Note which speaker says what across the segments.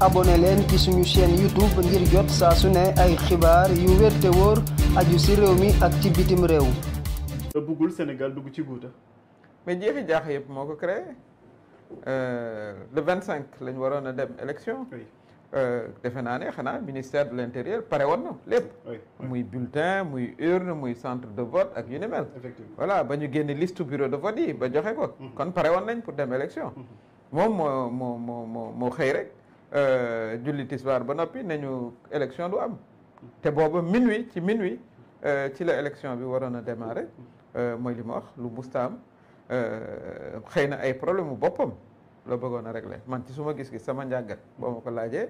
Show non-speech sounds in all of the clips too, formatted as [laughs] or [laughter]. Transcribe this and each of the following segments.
Speaker 1: abonné leen ci suñu chaîne YouTube ngir jot saa su ne ay xibaar yu wér te aju si réew mi ak ci bitim réew. nga bëggul Sénégal dugg
Speaker 2: ci guuta. mais jeexi jaax yëpp moo ko créé euh, le 25 lañ waroon a dem élection. Euh, defe naa ne xanaa ministère de l' intérieur pare woon na lépp. muy bulletin muy urne muy centre de vote ak yu ni mel. ba ñu génne liste bureau de vote yi ba joxe ko. Mm-hmm. kon pare woon nañ pour dem élection. Mm-hmm. moom moo moo moo moo xëy rek. Euh, julli tisbaar ba noppi nañu élection du am te booba minuit ci minuit euh, ci la élection bi waroon a démarrer euh, mooy li ma wax lu musta am xëy na ay problème mu boppam loo bëggoon a régler man ci suma gis gi sama njàngat boo ma ko laajee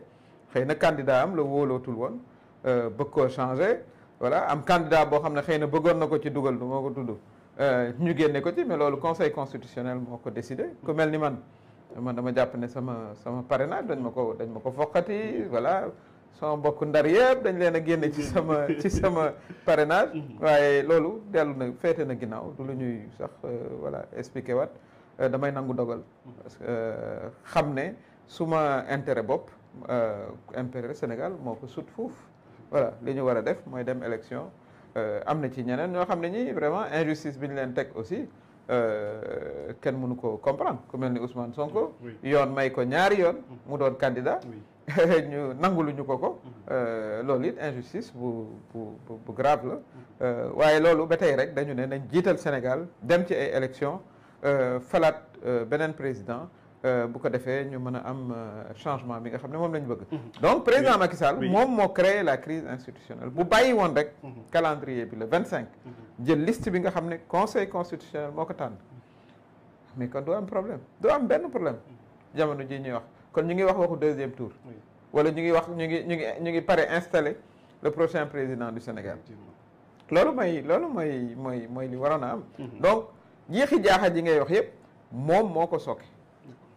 Speaker 2: xëy na kandidaa am la wóolootul woon bëgg koo changé voilà am candidat boo xam ne xëy na bëggoon na ko ci dugal du moo ko tudd ñu génne ko ci mais loolu conseil constitutionnel moo ko décidé ku mel ni man man dama jàpp ne sama sama parrainage dañ ma ko dañ ma ko foqati voilà sama mbokk ndar yëpp dañ leen a génne ci sama ci sama parrainage mhm. waaye loolu dellu na féete na ginnaaw du lu ñuy sax euh, voilà expliqué waat euh, damay nangu dogal mhm. parce que euh, xam ne suma intérêt bopp intérêt Sénégal moo ko sut fuuf voilà li ñu war a def mooy dem élection am na ci ñeneen ñoo xam ne ñi vraiment injustice bi ñu leen teg aussi Euh, kenn mënu ko comprendre ku mel ni Ousmane Sonko. yoon may ko ñaari yoon. Mhm. mu doon candidat. [laughs] ñu nangulu ñu ko ko. Mhm. Euh, loolu it injustice bu bu bu grave la. Mhm. Euh, waaye loolu ba tey rek dañu ne nañ jiital Sénégal dem ci ay élections falaat beneen président. Euh, bu ko defee ñu mën a am euh, changement bi nga xam ne moom la ñu bëgg. Mhm. donc président Macky Sall moom moo créé la crise institutionnelle bu bàyyi woon rek. Mhm. calendrier bi le 25. Mhm. jël list bi nga xam ne conseil constitutionnel moo ko tànn. mais kon doo am problème du am benn problème. jamono ji ñuy wax kon ñu ngi wax waxu deuxième tour. wala ñu ngi wax ñu ngi ñu ngi ñu ngi pare installer le prochain président du Sénégal. loolu mooy loolu mooy mooy mooy li waroon a am. donc jeexi jaaxa ji ngay wax yëpp moom moo ko sooke.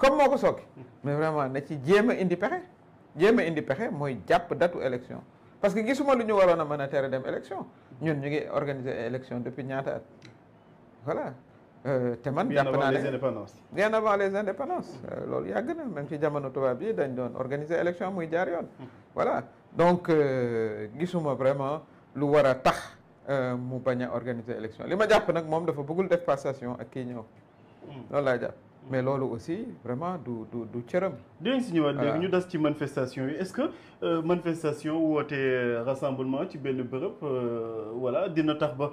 Speaker 2: comme moo ko sooke mais vraiment na ci jéem a indi pexe jéem a indi pexe mooy jàpp datu élection parce que gisuma lu ñu waroon a mën a tere dem élection ñun ñu ngi organiser élection depuis ñaata at voilà euh, te man jàpp naa ne bien avant les indépendances euh, loolu yàgg na même ci jamono tubaab yi dañ doon organiser élection muy jaar yoon voilà donc euh, gisuma vraiment lu war a tax mu bañ a organiser élection li ma jàpp nag moom dafa bëggul def passation
Speaker 1: ak kii ñëw
Speaker 3: hmm.
Speaker 1: loolu laa jàpp mais loolu aussi vraiment du du du cëram. dinañ si ñëwaat léegi ñu des ci manifestation yi est-ce que euh, manifestation woote euh, rassemblement ci benn bërëb euh, voilà dina tax ba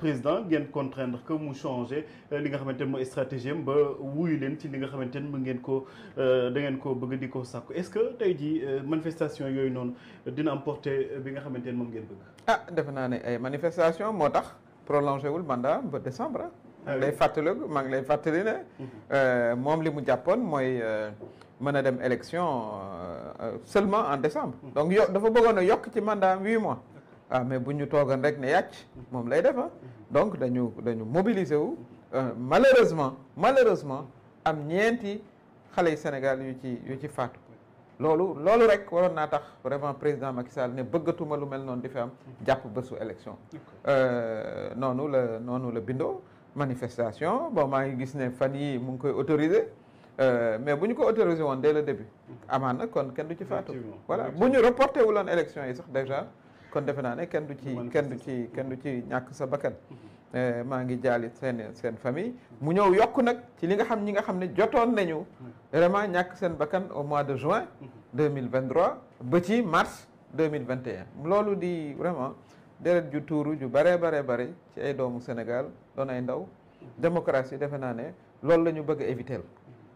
Speaker 1: président ngeen contraindre que mu changer li nga xamante ne mooy stratégie ba wuyu leen ci li nga xamante ne mu ngeen ko da ngeen ko bëgg di ko sàkku est-ce que tey jii manifestation yooyu noonu dina am bi nga xamante ne moom ngeen bëgg. ah defe naa ne ay manifestation moo tax prolongé wul mandat ba décembre. Ah. lay
Speaker 2: fàttaliku maa ngi lay fàttali ne. Euh, moom li mu jàppoon mooy euh, mën a dem élection euh, seulement en décembre. donc dafa bëggoon a yokk ci mandat huit mois. waaw ah, mais bu ñu toogoon rek ne yàcc moom lay defa ah. donc dañu dañu mobiliser wu. malheureusement malheureusement am ñeenti xale yu Sénégal yu ci yu ci faatu. loolu loolu rek waroon naa tax vraiment président Macky Sall ne bëggatuma lu mel noonu di fi am jàpp bésu élection noonu la noonu la bindoo manifestation bon maa ngi gis ne fan yii mu ngi koy autorisé euh, mais bu ñu ko autorisé woon dès le début amaan na kon kenn du ci faatu voilà bu ñu reporté wuloon élection yi sax déjà kon defe naa ne kenn du ci kenn du ci kenn du ci ñàkk sa bakkan mhm. euh, maa ngi jaalit seen seen famille mu ñëw yokk nag ci li nga xam ñi nga xam ne jotoon nañu vraiment ñàkk seen bakkan au mois de juin 2023 mhm. ba ci mars 2021 loolu di vraiment deret ju tuuru ju baree baree bare ci ay doomu Sénégal doon ay ndaw démocratie defe naa ne loolu la ñu bëgg a éviter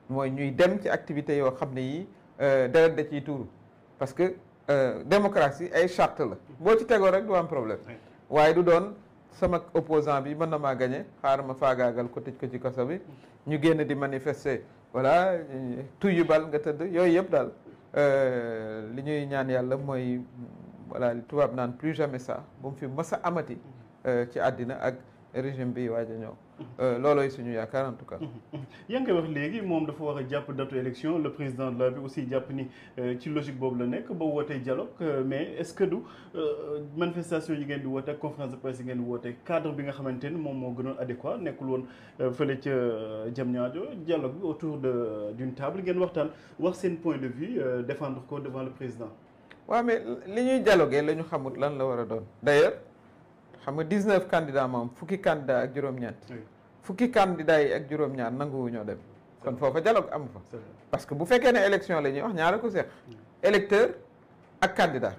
Speaker 2: mooy ñuy dem ci activité yoo xam ne yi euh, deret da ciy tuuru parce que euh, démocratie ay charte la boo ci tegoo rek du am problème waaye du doon sama opposant bi mën na maa gañe xaar ma faagaagal ko tëj ko ci kaso bi ñu génn di manifester voilà tuyu bal nga tëdd yooyu yëpp daal euh, li ñuy ñaan yàlla mooy voilà tubaab naan plus jamais ça bu fi mës a amati euh, ci àddina ak régime bi waaj a ñëw euh, loolooy suñu yaakaar en tout cas.
Speaker 1: yaa ngi koy wax léegi moom dafa war a jàpp datu élection le président de la République aussi jàpp ni euh, ci logique boobu la nekk ba wootee dialogue mais est-ce que du manifestation yi ngeen di woote ak conférence de presse yi ngeen di woote cadre bi nga xamante ni moom moo gënoon adéquat nekkul woon fële ca Diamniadio dialogue bi autour de d'une table ngeen waxtaan wax seen point de vue défendre ko devant président. waaw mais li ñuy dialogué la ñu xamul lan la war a
Speaker 2: doon d'ailleurs xam nga 19 candidats moom fukki candidat ak juróom-ñett fukki candidats yi ak juróom-ñaar nanguwu ñoo dem kon foofa dialogue amu fa parce que bu fekkee ne élection la ñuy wax ñaara ko seq électeur ak candidat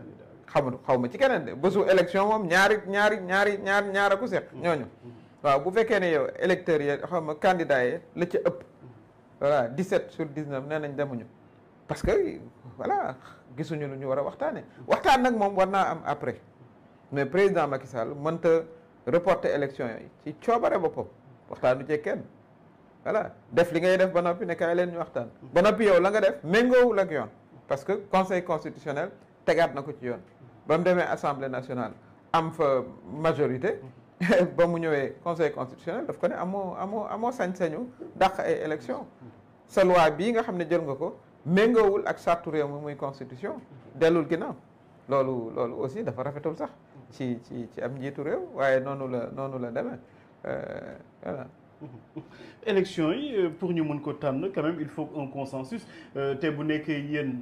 Speaker 2: xamul xaw ma ci keneen de bésu élection moom ñaari ñaari ñaari ñaar ñaara ko seq mm. ñooñu mm. waaw bu fekkee ne yow électeurs yi xaw ma candidats yi la ca ëpp mm. voilà 17 sur 19 nee nañ demuñu parce que gisuñu lu ñu war a waxtaane waxtaan nag moom war naa am après mais président Macky Sall mënta reporter élection yi ci coobare boppam waxtaanu cee kenn voilà def li ngay def ba noppi ne kaay leen ñu waxtaan ba noppi yow la nga def méngoowul ak yoon parce que conseil constitutionnel tegaat na ko ci yoon ba mu demee assemblée nationale am fa majorité [laughs] ba mu ñëwee conseil constitutionnel daf ko ne amoo amoo amoo sañ-sañu dàq ay élection sa loi bii nga xam ne jël nga ko méngoowul ak sartu réew mi muy constitution dellul ginnaaw loolu loolu aussi dafa rafetul sax
Speaker 1: ci ci am njiitu réew waaye noonu la noonu la demee euh, voilà [laughs] élection yi euh, pour ñu mun ko tànn quand même il faut un consensus euh, te bu nekkee yéen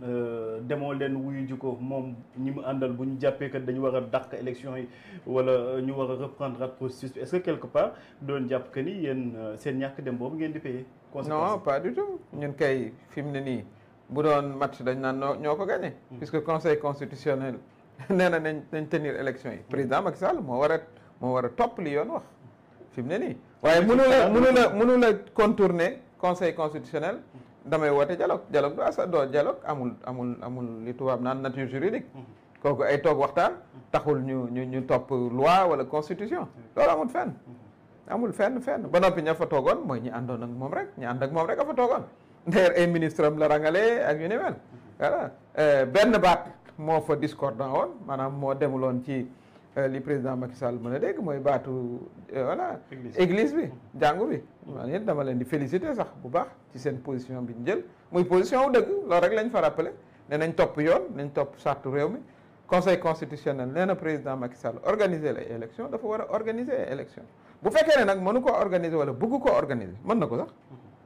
Speaker 1: demoo leen wuy ji ko moom ñi mu àndal bu ñu jàppee que dañu war a dàq élection yi wala ñu war a reprendre at processus est-ce que quelque part doon jàpp que ni yéen seen ñàkk dem boobu ngeen di payer. non pas du tout ñun kay fi mu ne nii. bu doon
Speaker 2: match dañ naan noo ñoo ko gagné. Hmm. puisque conseil constitutionnel [laughs] nee na nañ nañ tenir élection yi. président Macky Sall moo war moo war topp li yoon wax fi mu ne nii. waaye mënu la mënu la mënu la contourner conseil constitutionnel. damay woote dialogue dialogue du doo dialogue amul amul amul li tubaab naan nature juridique. Hmm. kooku ay toog waxtaan. Hmm. taxul ñu ñu ñu topp loi wala constitution. loolu amul fen amul fenn fenn ba noppi ña fa toogoon mooy ñu àndoon ak moom rek ñi ànd moom rek afa fa toogoon. d'ailleurs ay ministre am la rangale ak yu ni mel voilà euh, benn baat moo fa discordant woon maanaam moo demuloon ci euh, li président Macky Sall mën a dégg mooy baatu euh, voilà église bi mm-hmm. jàngu bi man it dama leen di féliciter sax bu baax ci seen position bi ñu jël muy position wu dëgg loolu rek lañ fa rappelé ne nañ topp yoon nañ topp sartu réew mi conseil constitutionnel nee président Macky Sall organiser les élections dafa war a organiser élection bu fekkee ne nag mënu ko organiser wala bëgg ko mën na ko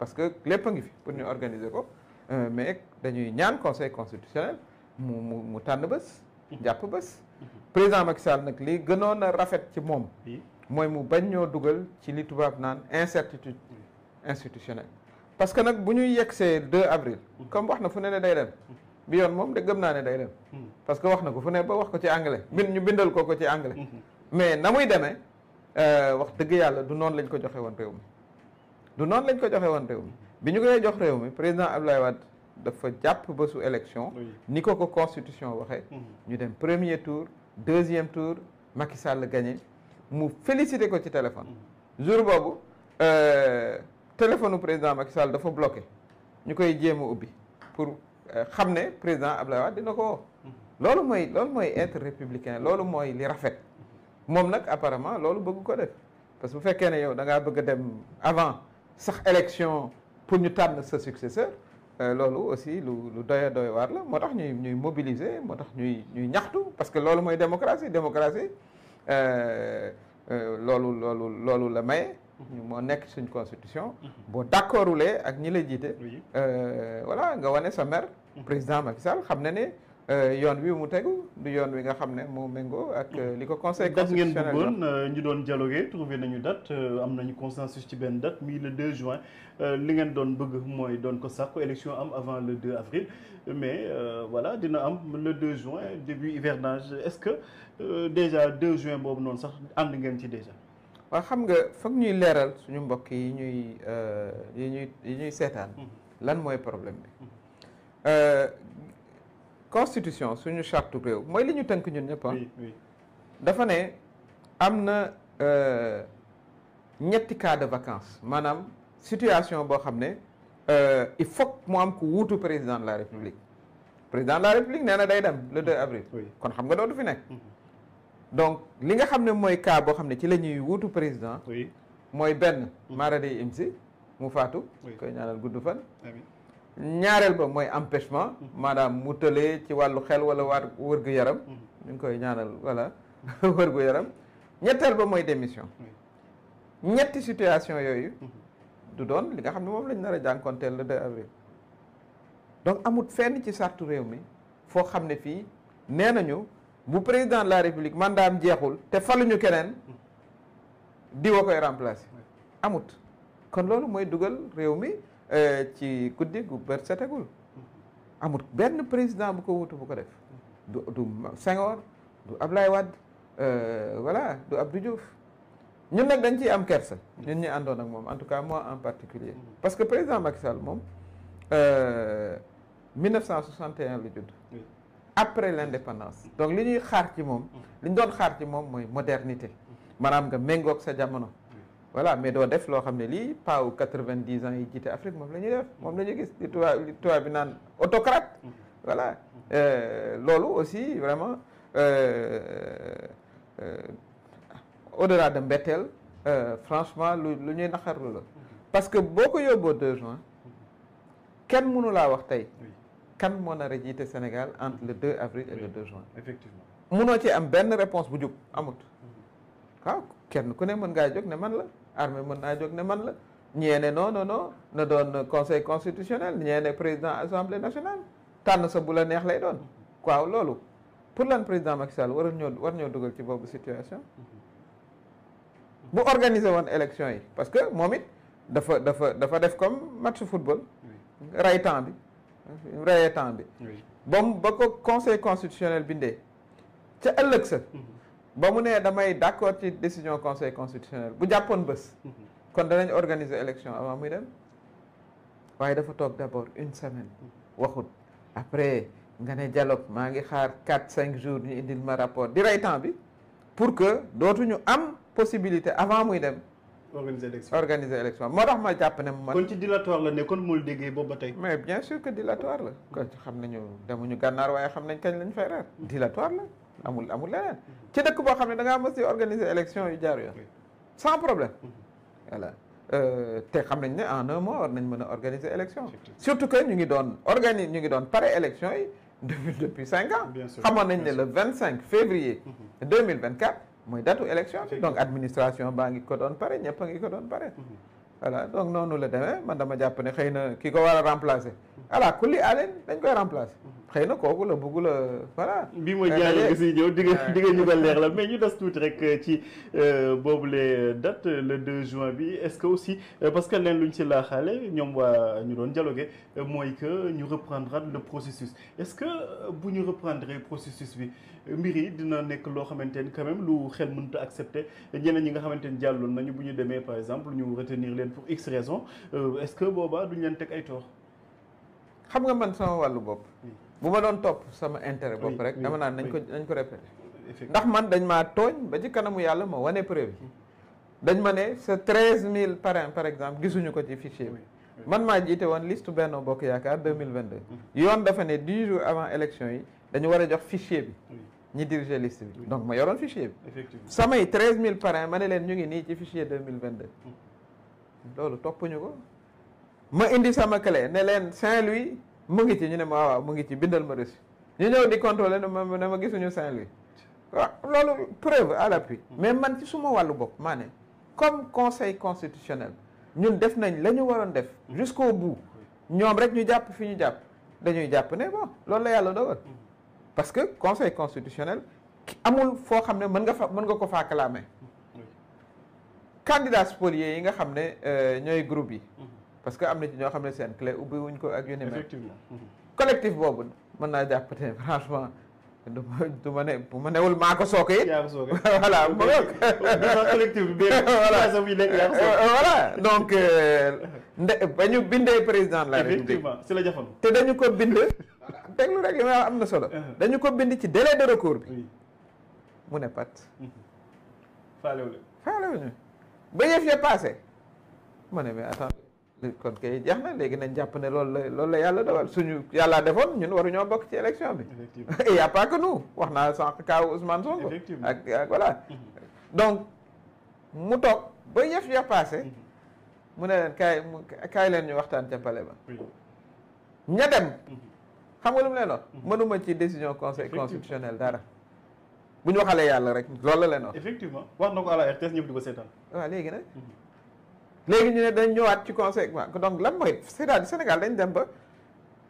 Speaker 2: parce que lépp a ngi fi pour ñu organiser ko euh, mais dañuy ñaan conseil constitutionnel mu mu mu tànn bés. jàpp bés. président Macky Sall nag li gënoon a rafet ci moom. mooy mu bañ ñoo dugal ci li tubaab naan incertitude institutionnelle. parce que nag bu ñuy yegsee 2 avril. comme wax na fu ne ne day dem. bi yoon moom de gëm naa ne day dem. parce que wax na ko fu ne ba wax ko ci anglais bind ñu bindal ko ko ci anglais. Mm-hmm. mais na muy demee euh, wax dëgg yàlla du noonu lañ ko joxe woon réew mi. du noonu lañ ko joxe woon réew mi bi ñu koy jox réew mi président Abdoulaye Wade dafa jàpp bésu élection ni ko ko constitution waxee mhm. ñu dem premier tour deuxième tour Macky Sall gagné mu félicité ko ci téléphone mhm. jour boobu euh, téléphone président Macky Sall dafa bloqué ñu koy jéem a ubbi pour euh, xam ne président Abdoulaye Wade dina ko mhm. loolu mooy loolu mooy être républicain loolu mooy li rafet moom nag apparemment loolu bëgg ko def parce que bu fekkee ne yow da ngaa bëgg a dem avant sax élection pour ñu tànn sa successeur euh, loolu aussi lu lu doy doy waar la moo tax ñuy ñuy mobiliser moo tax ñuy ñuy ñaxtu parce que loolu mooy démocratie démocratie euh, euh, loolu loolu loolu la maye. Mhm. moo nekk suñ constitution. Mhm. boo d'accordulee ak ñi la jiite. voilà nga wane sa maire. Mhm. président Macky Sall xam na ne. Euh, yoon wi mu tegu du yoon wi nga xam ne moo méngoo ak euh, li
Speaker 1: ko conseil constitutionnel date ngeen bëggoon euh, ñu doon dialogué trouvé nañu date am nañu consensus ci benn date muy le 2 juin li ngeen doon bëgg mooy doon ko sàkku élection am avant le 2 avril mais voilà dina am le 2 juin début hivernage est-ce que déjà 2 juin boobu noonu sax ànd ngeen ci déjà. waaw xam nga foog ñuy leeral suñu mbokk yi
Speaker 2: ñuy yi ñuy yi ñuy seetaan. Mm-hmm. lan mooy problème bi. Mm-hmm. constitution suñu charte réew mooy li ñu tënk ñun ñëpp ah. dafa ne am na euh, ñetti cas de vacance maanaam situation boo xam ne euh, il faut mu am ku wuutu président de la république mm-hmm. président de la république nee na day dem le 2 avril kon xam nga dootu fi nekk mm-hmm. donc li nga xam ne mooy cas boo xam ne ci la ñuy wuutu président mooy benn maara mm-hmm. day imsi mu faatu koy ñaanal gudd fan ñaareel ba mooy empêchement maanaam mu tëlee ci wàllu xel wala waa wërgu yaram mm-hmm. ñu koy ñaanal voilà [laughs] wërgu yaram ñetteel ba mooy démission ñetti situation yooyu mm-hmm. du doon li nga xam ne moom lañ nar a jànkonteel le 2 avril donc amut fenn ci sartu réew mi foo xam ne fii nee nañu bu président de la république mandaam jeexul te ñu keneen mm-hmm. di wa koy remplacer amut kon loolu mooy dugal réew mi Euh, ci guddi gu bët setegul amul benn président bu ko wutu bu ko def du du Senghor du Ablaye Wade euh, voilà du Abdou ñu ñun dañ ciy am kersa ñun ñi àndoon ak moom en tout cas moi en particulier parce que président Macky Sall moom 1961 euh, la judd après l'indépendance donc li ñuy xaar ci moom li ñu doon xaar ci moom mooy modernité maanaam nga méngoog sa jamono voilà mais doo def loo xam ne lii paaw quatre-vingt-dix ans yi jiite Afrique moom la ñuy def moom la ñuy gis li tubaab li tubaab naan autocrate mm-hmm. voilà euh, loolu aussi vraiment euh, euh, au-delà de mbetteel franchement lu lu ñuy naqarlu la parce que boo ko yoboo deux juin mm-hmm. kenn mënu laa wax tey kan moo nar a jiite Sénégal entre le 2 avril et le 2 juin effectivement munoo ci am benn réponse bu jub amut mm-hmm. waaw kenn ku ne mën ngaa jóg ne man la armée mën naa jóg ne man la ñee ne non non non na doon conseil constitutionnel ñee ne président assemblée nationale tànn sa bu la neex lay doon waaw loolu pour lan président Macky Sall waral ñoo war ñoo dugal ci boobu situation bu organiser woon élection yi parce que moom it dafa dafa dafa def comme match football ray temps bi rayee temps bi ba ba ko conseil constitutionnel bindee ca ëllëg sa mhm. ba mu nee damay d'accord ci décision conseil constitutionnel bu jàppoon bés. Mhm. kon danañ organiser élection avant muy dem waaye dafa toog d'abord une semaine. Mhm. waxut après nga ne dialogue maa ngi xaar 4 cinq jours ñu indil ma rapport di temps bi pour que dootuñu am possibilité avant muy dem. organiser élection organiser élection moo tax ma jàpp ne man. kon ci dilatoire la ne kon moo déggee boobu ba tey. mais bien sûr que dilatoire la. Mhm. kon xam nañu demuñu gànnaar waaye xam nañ kañ lañ fay reer. dilatoire la. amul amul leneen ci dëkk boo xam ne da ngaa mës di organiser yu jaar yoon sans problème voilà euh, te xam nañ ne en un mois war nañ mën a organiser élection surtout que ñu ngi doon organiser ñu ngi doon pare élection yi depuis depuis cinq
Speaker 3: ans xamoon
Speaker 2: nañ ne le vingt cinq février mhm. deux mille vingt quatre mooy datu élection bi donc administration baa ngi ko doon pare ñëpp ngi ko doon pare mhm. voilà donc noonu la demee man dama jàpp ne xëy na ki ko war a remplacer ala kulli allen dañ koy remplacer
Speaker 1: xëy na kooku la bëgg la voilà. bii mooy jaaree gis ñëw di nga di nga ñu ko leer la mais ñu des tuuti rek euh, ci euh, boobule date le 2 juin bi est-ce que aussi euh, parce que leen luñ ci laaxaale ñoom waa ñu doon dialogué mooy que ñu reprendra le processus est-ce que bu ñu reprendre processus bi. mbir yi dina nekk loo xamante ni quand lu xel mënut a accepter ñeneen ñi nga xamante ni jàlloon nañu bu ñu demee par exemple ñu retenir leen pour x raison euh, est-ce que boobaa duñ leen teg ay tort. xam nga man sama wàllu bopp.
Speaker 2: bu ma doon topp sama intérêt bopp rek. dama naan nañ ko nañ ko répété. ndax man dañ maa tooñ ba ci kanamu yàlla moo wane preuve bi dañ ma ne sa treize mille parrain par exemple gisuñu ko ci fichier bi. man maa jiite woon liste Benno Bokk Yaakaar 2022. yoon dafa ne dix jours avant yi dañu a jox fichier bi. ñi diriger liste bi donc ma yoroon fichier bi. effectivement samay treize mille parrains ma ne leen ñu ngi nii ci fichier deux mille vingt deux. Hmm. loolu toppuñu ko. ma indi sama clé ne leen Saint-Louis mu ngi ci ñu ne ma waaw mu ngi ci bindal ma reçu ñu ñëw di contrôler ne ma ne ma gisuñu Saint-Louis. waaw loolu preuve à l'appui. Hmm. mais man ci suma wàllu bopp maa ne comme conseil constitutionnel ñun def nañ la ñu waroon def. Hmm. jusqu'au bu ñoom rek ñu jàpp fi ñu jàpp dañuy jàpp ne bon loolu la yàlla parce que conseil constitutionnel amul foo xam ne mën nga fa mën nga ko faa clamé candidats spoliés yi nga xam ne euh, ñooy groupe yi mm-hmm. parce que am na ci ñoo xam ne seen clé ubbi wuñ ko ak yu ni mel effectivement mm-hmm. boobu mën naa jàpp ne franchement du ma ma ne bu ma newul maa ko sooke it
Speaker 1: [laughs] voilà ma nga collectif bi [laughs] voilà
Speaker 2: donc euh, nde ba ñu bindee président de république si la jafandu te dañu ko bind [laughs] déglu rek li am na solo. Uh-huh. dañu ko bind ci délai de recours bi. mu ne pat. faalewuñu uh-huh. faalewuñu ba yëf ya passé ma ne mais attends kon kay jeex na léegi nañ jàpp ne lool la loolu la yàlla dogal suñu yàllaa defoon ñun waruñoo bokk ci élection bi. [laughs] il y a pas que nous wax naa sànq kaaw Ousmane ak ak voilà. Uh-huh. donc mu toog ba yëf ya mu ne leen kaay kaay leen ñu waxtaan ca pale ba. ña xam nga lu mu leen wax mm-hmm. mënuma ci décision conseil constitutionnel dara bu ñu waxalee yàlla rek loolu la leen wax effectivement wax na ko à la RTS ah, léegi nag mm-hmm. ñu ne dañ ñëwaat ci conseil donc lan mooy c'est-à-dire Sénégal dañ dem ba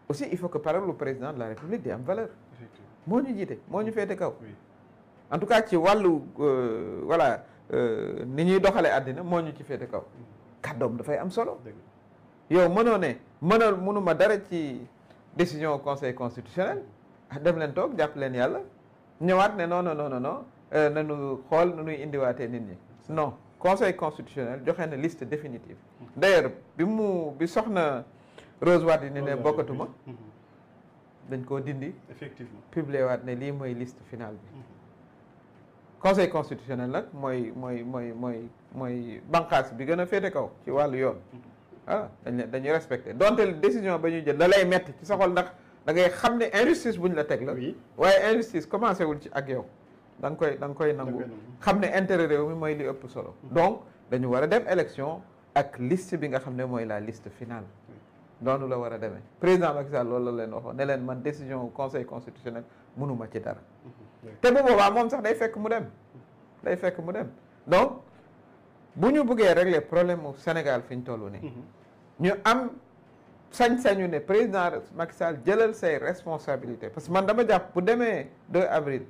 Speaker 2: aussi il faut que parole lu président de la République di am valeur moo ñu jiite moo ñu féete kaw en tout cas ci wàllu euh, voilà euh, ni ñuy doxalee àddina moo ñu ci féete kaw mm-hmm. kàddoom dafay am solo yow mënoo ne mënoo dara ci décision conseil constitutionnel dem leen toog jàpp leen yàlla ñëwaat ne non non non non euh, nañu xool nu ñuy indiwaatee nit ñi non conseil constitutionnel joxe na liste définitive mm-hmm. d'ailleurs bi mu bi soxna Rose Wardini ne bokkatuma mm-hmm. dañ koo dindi effectivement publier waat ne lii mooy liste finale bi mm-hmm. conseil constitutionnel nag mooy mooy mooy mooy mooy banqaas bi gën a féete kaw ci wàllu yoon ah dañu dañuy respecté donte décision ba ñu jël da lay metti ci sa xol ndax da xam ne injustice buñ la teg la. waaye injustice commencé wul ci ak yow. danga koy da koy nangu xam ne intérêt réew mi mooy li ëpp solo. Mm-hmm. donc dañu war a dem élection ak liste bi nga xam ne mooy la liste finale. noonu la war a demee président Macky Sall loolu la leen waxoon ne leen man décision conseil constitutionnel munuma ci dara.
Speaker 3: Mm-hmm. te bu boobaa
Speaker 2: moom sax day fekk mu dem. day fekk mu dem donc. bu ñu buggee régler problème mu Sénégal fi ñu toll nii. Mhm. ñu am sañ-sañu ne président Macky Sall jëlal say responsabilité parce que man dama jàpp bu demee 2 avril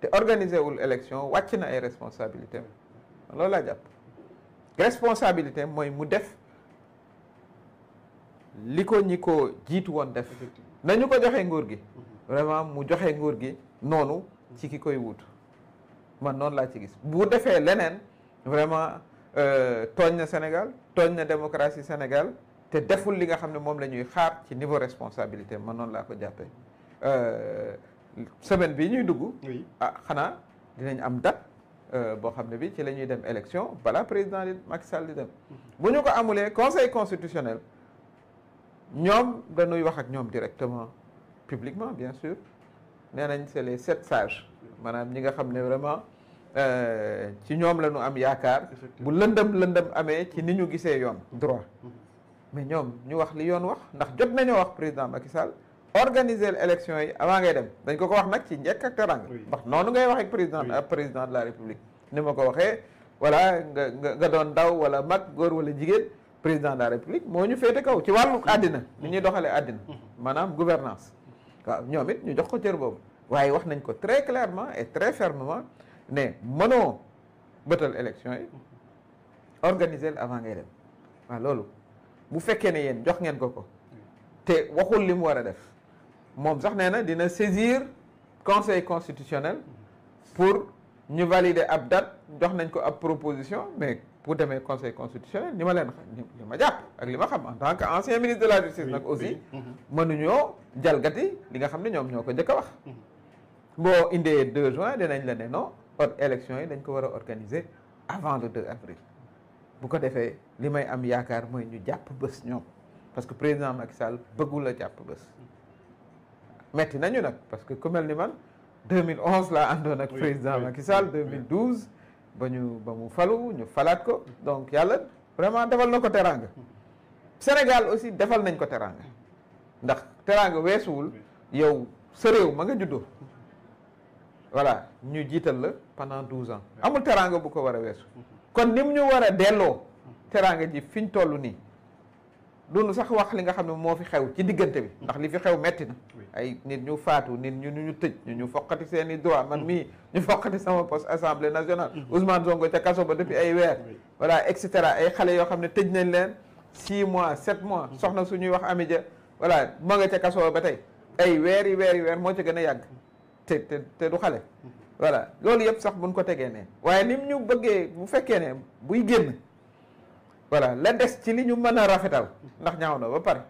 Speaker 2: te organiser wul élection wàcc na ay responsabilité loolu laa jàpp responsabilité mooy mu def li ko ñi ko jiitu woon def na ñu ko joxee nguur gi mhm. vraiment mu joxe nguur gi noonu ci ki koy wut man noonu laa ci gis bu defee leneen Euh, tooñ na Sénégal tooñ na démocratie Sénégal te deful li nga xam ne moom la ñuy xaar ci niveau responsabilité man noonu laa ko jàppee euh, semaine bi ñuy dugg. ah xanaa dinañ am date euh, boo xam ne bi ci la ñuy dem élection balaa président di Macky Sall di dem. Mhm. bu ñu ko amulee conseil constitutionnel ñoom dañuy wax ak ñoom directement publiquement bien sûr nee nañ c'est les sept sages maanaam ñi nga xam ne vraiment. ci ñoom la ñu am yaakaar bu lëndëm lëndëm amee ci ni ñu gisee yoon droit mais ñoom ñu wax li yoon wax ndax jot nañoo wax président Macky Sall organiser l'élection yi avant ngay dem dañ ko ko wax nag ci njekk ak teranga ndax noonu ngay wax ak président ak euh, président de la république ni ma ko waxee voilà nga nga doon daw wala mag góor wala jigéen président de la république moo ñu féete kaw ci wàllu àddina ni ñuy doxalee àddina mhm. maanaam gouvernance waaw ñoom it ñu jox ko cër boobu waaye wax nañ ko très clairement et très fermement ne mënoo bëtal élection yi organiser avant ngay dem waaw loolu bu fekkee ne yéen jox ngeen ko ko te waxul li mu war a def moom sax nee na dina saisir conseil constitutionnel pour ñu valider ab date jox nañ ko ab proposition mais bu demee conseil constitutionnel ni ma leen xam li ma jàpp ak li ma xam en tant que ancien ministre de la justice nag aussi mm-hmm. mënuñoo jalgati li nga xam ne ñoom ñoo ko njëkk a wax
Speaker 3: mm-hmm.
Speaker 2: boo indee 2 juin dinañ la ne non or élection yi dañ ko war a organiser avant le 2 avril bu ko defee li may am yaakaar mooy ñu jàpp bés ñoom parce que président Macky Sall bëggul a jàpp bés metti nañu nag parce que ku mel ni man 2011 laa àndoon ak président Macky Sall 2012 ba ñu ba mu falu ñu falaat ko donc yàlla vraiment defal na ko teraanga Sénégal aussi defal nañ ko teraanga ndax teraanga weesuwul yow sa ma nga juddoo voilà ñu jiital la pendant douze ans amul teraanga bu ko war a weesu kon ni mu ñu war a delloo teraanga ji fi ñu toll nii duñu sax wax li nga xam ne moo fi xew ci diggante bi ndax li fi xew metti na ay nit ñu faatu nit ñu ñu tëj ñu ñu foqati seen i droit man mii ñu foqati sama poste assemblée nationale mm-hmm. Ousmane Sonko ca kaso ba depuis ay weer voilà et cetera ay xale yoo xam ne tëj nañ leen six mois sept mois mm-hmm. soxna su ñuy wax Amidia voilà ma nga ca kaso ba tey ay weeri weeri weer moo ci gën a yàgg te voilà loolu yëpp sax bu buñ ko tegee ne waaye nim ñu bëggee bu fekkee ne buy génn voilà la des ci li ñu mën a rafetal ndax ñaaw na ba pare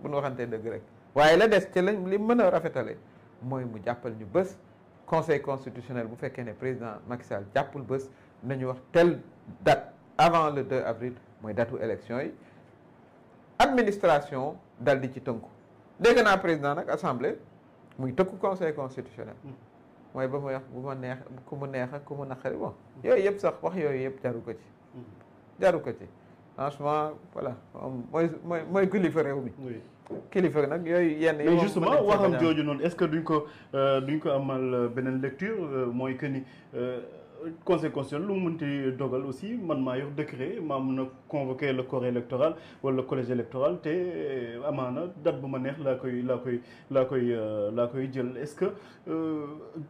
Speaker 2: bu ñu waxantee dëgg rek waaye la des ci lañ li mën a rafetale mooy mu jàppal ñu bës conseil constitutionnel bu fekkee ne président Macky Sall jàppul bés nañu wax telle date avant le 2 avril mooy datu élection yi administration dal di ci tënku dégg naa président nag assemblée muy tëkku conseil constitutionnel mooy ba muy wax bu ma neex ku mu neex ak ku mu naqari bon yooyu yëpp sax wax yooyu yëpp jaru ko ci mm-hmm. jaru ko ci franchement wala
Speaker 1: mooy mooy mooy kilifa réew mi kilifa nag yooyu yenn mais justement waxam jooju noonu est-ce que duñ ko euh, duñ ko amal euh, beneen lecture euh, mooy que ni conseil constitutionnel lu mu mënti dogal aussi man maa yor décret maa mun a convoquer le corps électoral wala le collège électoral te euh, amaana date bu ma neex laa koy laa koy laa koy euh, laa koy jël est-ce que euh,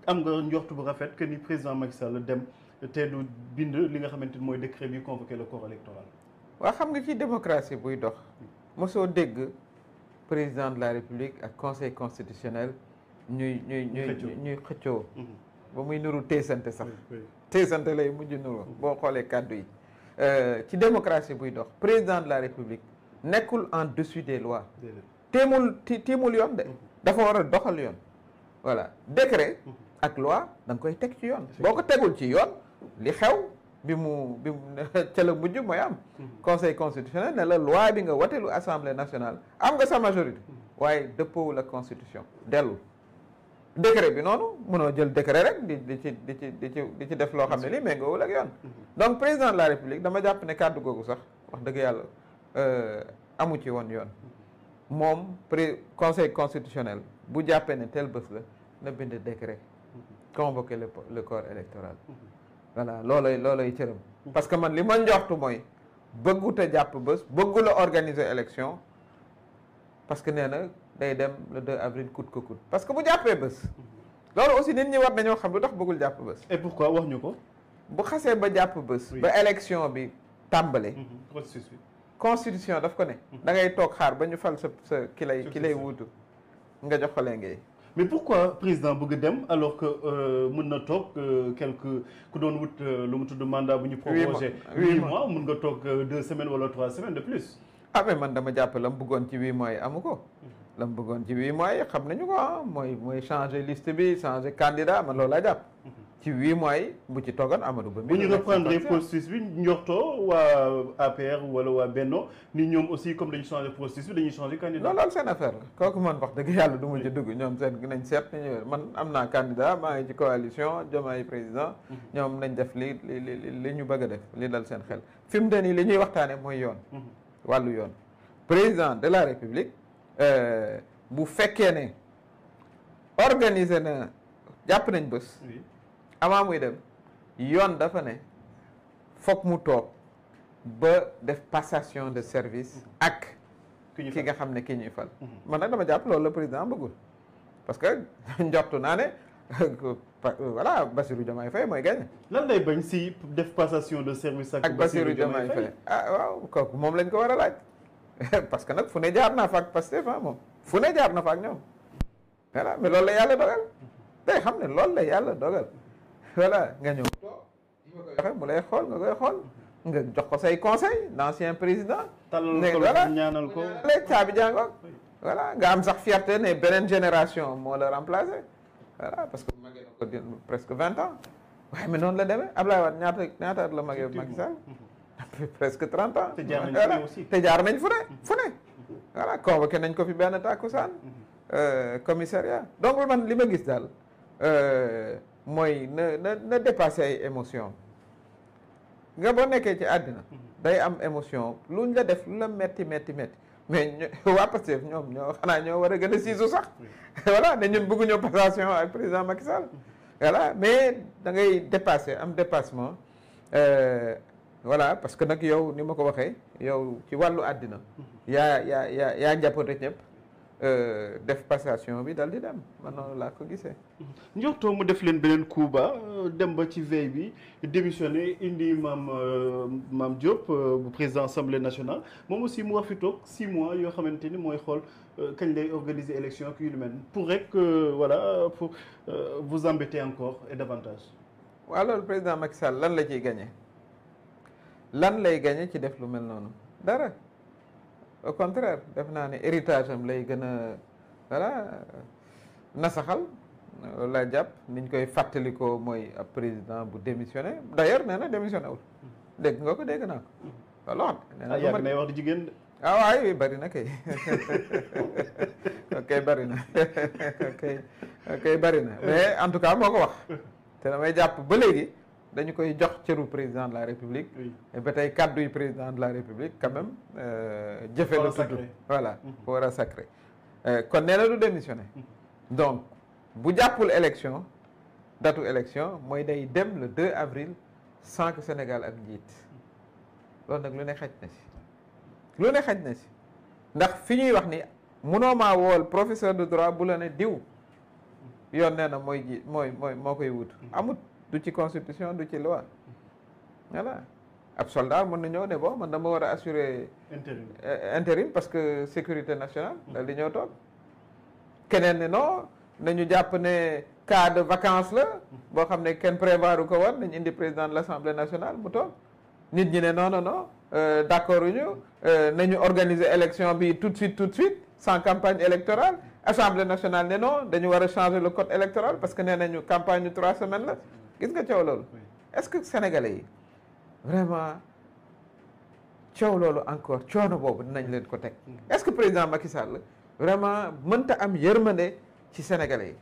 Speaker 1: am nga njortu bu rafet que ni président Macky Sall dem te du bind li nga xamante ni mooy décret bi convoquer le corps électoral. waa xam nga ci démocratie
Speaker 2: buy dox mosoo dégg président de la république ak conseil constitutionnel ñuy ñuy ñuy ñuy xëccoo. Mm-hmm. ba muy nuru teesante sax teesante lay mujj nuru boo xoolee kàddu yi euh, ci démocratie buy dox président de la république nekkul en dessus des loi tiimul ti tiimul yoon de mhm. dafa war a doxal yoon voilà décret mhm. ak loi da nga koy teg ci yoon boo ko tegul ci yoon li xew bi mu bi mu [laughs] ca la mujj mooy am mhm. conseil constitutionnel ne la loi bi nga watelu assemblée nationale am nga sa majorité waaye dëppoowul la constitution dellu décret bi noonu mënoo jël décret rek di di ci di ci di ci ci def loo xam ne lii méngoowul ak yoon mm-hmm. donc président de la république dama jàpp ne kàddu googu sax wax dëgg yàlla euh, amu ci woon yoon moom pré conseil constitutionnel bu jàppee ne tel bës la na bind décret
Speaker 3: mm-hmm.
Speaker 2: convoquer le le corps électoral
Speaker 3: mm-hmm.
Speaker 2: voilà loolay loolay cëram parce que man li ma njoxtu mooy bëggut jàpp bés bëggula organiser élection parce que nee day dem le 2 avril coûte que parce que bu jàppee bés. loolu aussi nit ñi war nañoo xam lu tax bëggul jàpp bés. et pourquoi wax ñu ko. bu xasee ba jàpp bés. ba élection bi tàmbale. processus mhm. bi. constitution daf
Speaker 1: ko ne. Mhm. da ngay toog xaar ba ñu fal sa sa ki lay ki lay wuutu nga jox ko ngay mais pourquoi président bëgg dem alors que euh, mën na toog euh, quelque ku doon wut euh, lu mu tudd mandat bu ñu prorogé huit mois mun nga toog deux semaines wala trois semaines de plus
Speaker 2: ah mais man dama jàpp ci huit mois yi amu ko mhm. la mu bëggoon ci huit mois yi xam nañu ko ah mooy mooy changer liste bi changer candidat man loolu jàpp. Mhm. ci huit mois yi bu ci toogoon Amadou
Speaker 1: Ba. bu ñu reprendre processus bi njortoo waa APR wala waa Benno ni ñoom aussi comme dañu changer processus bi dañuy changer candidat. non loolu seen affaire la kooku man wax dëgg yàlla du ma ci dugg ñoom seen
Speaker 2: nañ seet nañu man am naa candidat maa ngi ci coalition Diomaye président. Mhm. ñoom nañ def li li li ñu bëgg a def li seen xel fi mu ne nii li ñuy waxtaanee mooy yoon. Mhm. wàllu yoon président de bu fekkee ne organiser na jàpp nañ bés. avant muy dem yoon dafa ne foog mu toog ba def passation de service. Mhm. ak ki nga xam ne ki ñuy fal. Mhm. man nag dama jàpp loolu la président bëggul parce que [laughs] njortu naa ne. [laughs] voilà Bassirou Diomaye Faye mooy gagné. lan lay bañ si def passation de service. ak Bassirou Diomaye Faye ak Bassirou Diomaye ah waaw kooku moom lañ ko war a laaj. [laughs] parce que nag fu ne jaar naa fa ak Pastef ah moom fu ne jaar na fa ak ñoom voilà mais loolu la yàlla dogal tey xam ne loolu la yàlla dogal voilà nga ñëw toog mu lay xool nga koy xool nga jox ko say conseil d'ancien président ne voilà léegi caabi jàngoog voilà nga am sax fierté ne beneen génération moo la remplacé voilà parce que magee na ko presque vingt ans waaye mais noonu la demee Ablaye Wade ñaata ñaata at la fi presque trente ans. te jaar nañ fi aussi te jaar nañ fu ne fu ne. nañ ko fi benn tàkkusaan commissariat donc man li ma gis daal mooy na na na dépassé ay émotion nga boo nekkee ci àddina. Mhm. day am émotion luñ la def la metti metti metti mais [laughs] waa Pastef ñoom ñoo xanaa ñoo war a gën a siisu sax voilà ne ñun bëgguñoo passation ak président Macky Sall voilà mais da ngay dépasser am mhm. dépassement voilà parce que nag yow ni ma ko waxee yow ci wàllu àddina mhm. yaa yaa yaa yaa jàppate ñëpp euh, def passation bi dal di dem man
Speaker 1: noonu laa ko gisee mhm. njortoo mu def leen beneen coup ba euh, dem ba ci veille bi démissionné indi maam euh, maam Diop bu président assemblée national moom aussi mu wax fi toog six mois yoo xamante ni mooy xool kañ lay organiser élection ak yu mel pour rek voilà pour vous embêter encore et davantage waaw loolu président Macky Sall lan
Speaker 2: la ciy gagné lan lay gañe ci def lu mel noonu dara au contraire def naa ne héritage am lay gën a voilà nasaxal loolu laa jàpp niñ koy fàttalikoo mooy ab président bu démissionné d'ailleurs nee na démissionné wul dégg nga ko dégg naa ko lool nee na ah, yàgg nay jigéen ah waay bari na kay [laughs] ok bari na [laughs] ok ok bari na mais en tout cas moo ko wax te damay jàpp ba léegi dañu koy jox cëru président de la république. ba tey kàddu yi président de la république quand même. Euh, jëfe la tudd voilà foo war a sacré euh, kon nee na du démissionné. Mm-hmm. donc bu jàppul élection datu élection mooy day dem le 2 avril sans Sénégal ak njiit loolu nag lu ne xaj na si. lu ne xaj na si ndax fi ñuy wax ni munoo maa wool professeur de droit bu la ne diw mm-hmm. yoon nee na mooy ji mooy mooy moo koy wut mm-hmm. amut. du ci constitution du ci loi voilà ab soldat mën na ñëw ne bon man moo war a assurer intérim euh, intérim parce que sécurité nationale hmm. dal di ñëw toog keneen ne non nañu jàpp ne cas de vacances la hmm. boo xam ne kenn prévoiru ko woon nañ indi président de l'Assemblée nationale mu toog nit ñi ne non non non euh, d'accord uñu euh, nañu organiser élection bi tout de suite tout de suite sans campagne électorale Assemblée nationale ne non dañu war a changer le code électoral parce que nee nañu campagne yu trois semaines la gis nga coow loolu. est-ce que sénégalais yi vraiment coow loolu encore coono boobu dinañ leen ko teg. est-ce que président Macky Sall vraiment mënta am yërmande ci sénégalais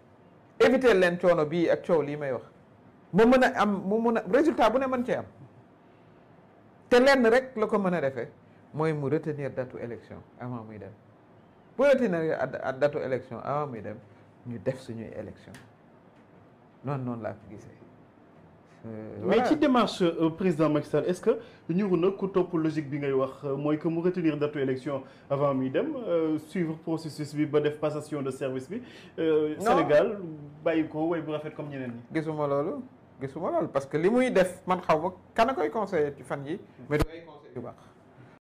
Speaker 2: yi éviter leen coono bii ak coow lii may wax mu mën a am mu mën a résultat bu ne mën cee am te lenn rek la ko mën a defee mooy mu retenir datu élection avant muy dem bu retenir datu élection avant muy dem ñu def suñuy élection noonu noonu laa ko gisee. Euh, mais ci démarche
Speaker 1: euh, président Macky Sall est-ce que ñëw na ku topp logique bi ngay wax euh, mooy que mu retenir date élection avant muy dem suivre processus bi ba def passation de service bi. Sénégal bàyyi ko way bu rafet comme ñeneen ñi. gisuma loolu gisuma loolu parce que li muy def man
Speaker 2: xaw ma kan a koy conseiller ci fan yi mais du ay conseil yu baax.